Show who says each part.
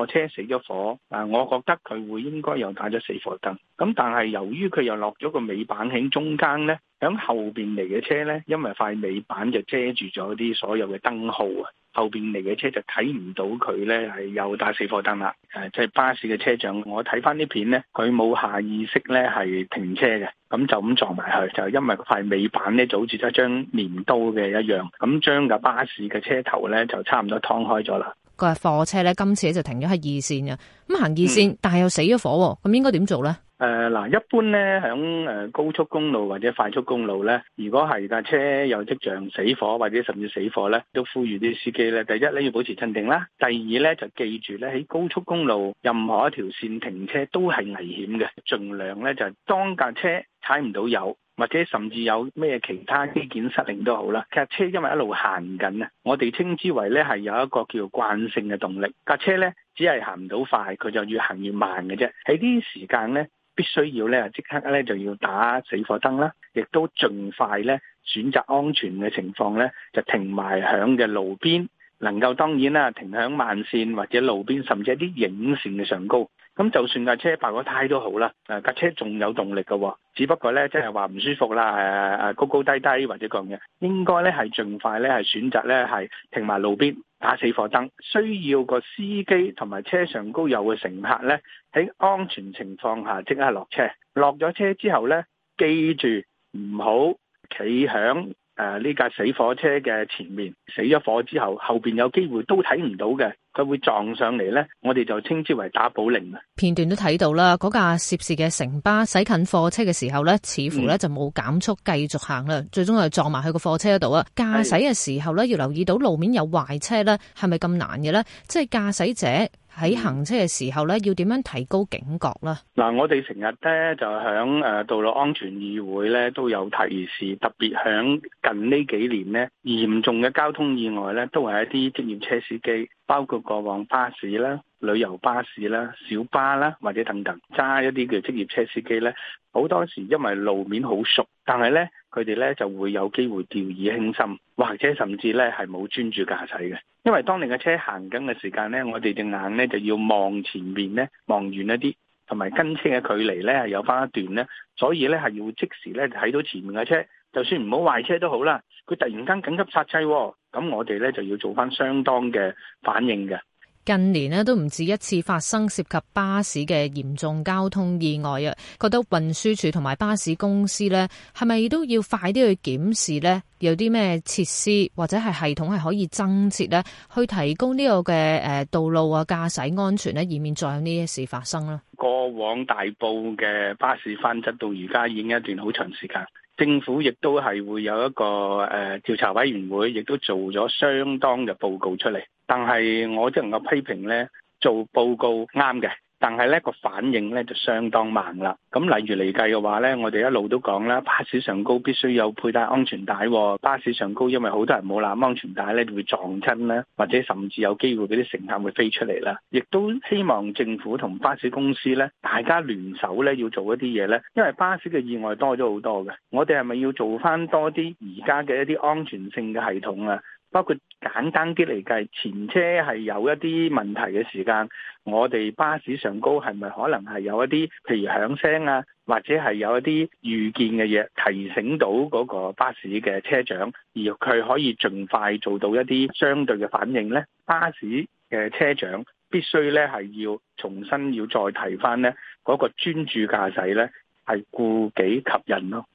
Speaker 1: 個車死咗火，嗱，我覺得佢會應該又打咗四火燈，咁但係由於佢又落咗個尾板喺中間呢，響後邊嚟嘅車呢，因為塊尾板就遮住咗啲所有嘅燈號啊，後邊嚟嘅車就睇唔到佢呢係又打四火燈啦。誒，即係巴士嘅車長，我睇翻啲片呢，佢冇下意識呢係停車嘅，咁就咁撞埋去，就因為塊尾板呢，就好似一張鐮刀嘅一樣，咁將架巴士嘅車頭呢，就差唔多劏開咗啦。
Speaker 2: 個貨車咧今次就停咗喺二線嘅，咁行二線，但係又死咗火，咁應該點做咧？
Speaker 1: 誒，嗱，一般咧響誒高速公路或者快速公路咧，如果係架車有跡象死火或者甚至死火咧，都呼籲啲司機咧，第一咧要保持鎮定啦，第二咧就記住咧喺高速公路任何一條線停車都係危險嘅，盡量咧就當架車踩唔到油。或者甚至有咩其他機件失靈都好啦，架車因為一路行緊咧，我哋稱之為咧係有一個叫慣性嘅動力，架車咧只係行唔到快，佢就越行越慢嘅啫。喺呢啲時間咧，必須要咧即刻咧就要打死火燈啦，亦都盡快咧選擇安全嘅情況咧就停埋響嘅路邊，能夠當然啦停響慢線或者路邊，甚至一啲影線嘅上高。咁就算架車爆咗胎都好啦，誒架車仲有動力噶，只不過呢，即係話唔舒服啦，誒誒高高低低或者講嘢，應該呢係盡快呢係選擇呢係停埋路邊打死火燈，需要個司機同埋車上高有嘅乘客呢，喺安全情況下即刻落車，落咗車之後呢，記住唔好企響。誒，呢架死火車嘅前面死咗火之後，後邊有機會都睇唔到嘅，佢會撞上嚟呢，我哋就稱之為打保齡。
Speaker 2: 片段都睇到啦。嗰架涉事嘅城巴駛近貨車嘅時候呢，似乎呢就冇減速，繼續行啦，最終又撞埋去個貨車度啊！駕駛嘅時候呢，是要留意到路面有壞車呢，係咪咁難嘅呢？即係駕駛者。喺行車嘅時候咧，要點樣提高警覺咧？
Speaker 1: 嗱，我哋成日咧就喺誒道路安全議會咧都有提示，特別響近呢幾年咧，嚴重嘅交通意外咧都係一啲職業車司機，包括過往巴士啦。旅遊巴士啦、小巴啦或者等等，揸一啲嘅職業車司機呢。好多時因為路面好熟，但係呢，佢哋呢就會有機會掉以輕心，或者甚至呢係冇專注駕駛嘅。因為當你嘅車行緊嘅時間呢，我哋隻眼呢就要望前面呢，望遠一啲，同埋跟車嘅距離呢係有翻一段呢。所以呢，係要即時呢睇到前面嘅車，就算唔好壞車都好啦，佢突然間緊急煞掣，咁我哋呢就要做翻相當嘅反應嘅。
Speaker 2: 近年呢都唔止一次發生涉及巴士嘅嚴重交通意外啊。覺得運輸署同埋巴士公司呢，係咪都要快啲去檢視呢有啲咩設施或者係系統係可以增設呢去提供呢個嘅誒道路啊駕駛安全呢，以免再有呢一事發生咯。
Speaker 1: 過往大埔嘅巴士翻側，到而家已經一段好長時間，政府亦都係會有一個誒調查委員會亦都做咗相當嘅報告出嚟。但係我只能夠批評呢做報告啱嘅，但係呢個反應呢就相當慢啦。咁例如嚟計嘅話呢，我哋一路都講啦，巴士上高必須有佩戴安全帶。巴士上高，因為好多人冇攬安全帶呢，會撞親啦，或者甚至有機會嗰啲乘客會飛出嚟啦。亦都希望政府同巴士公司呢大家聯手呢要做一啲嘢呢，因為巴士嘅意外多咗好多嘅，我哋係咪要做翻多啲而家嘅一啲安全性嘅系統啊？包括簡單啲嚟計，前車係有一啲問題嘅時間，我哋巴士上高係咪可能係有一啲，譬如響聲啊，或者係有一啲預見嘅嘢提醒到嗰個巴士嘅車長，而佢可以盡快做到一啲相對嘅反應呢？巴士嘅車長必須咧係要重新要再提返呢嗰個專注駕駛呢，係顧己及人咯。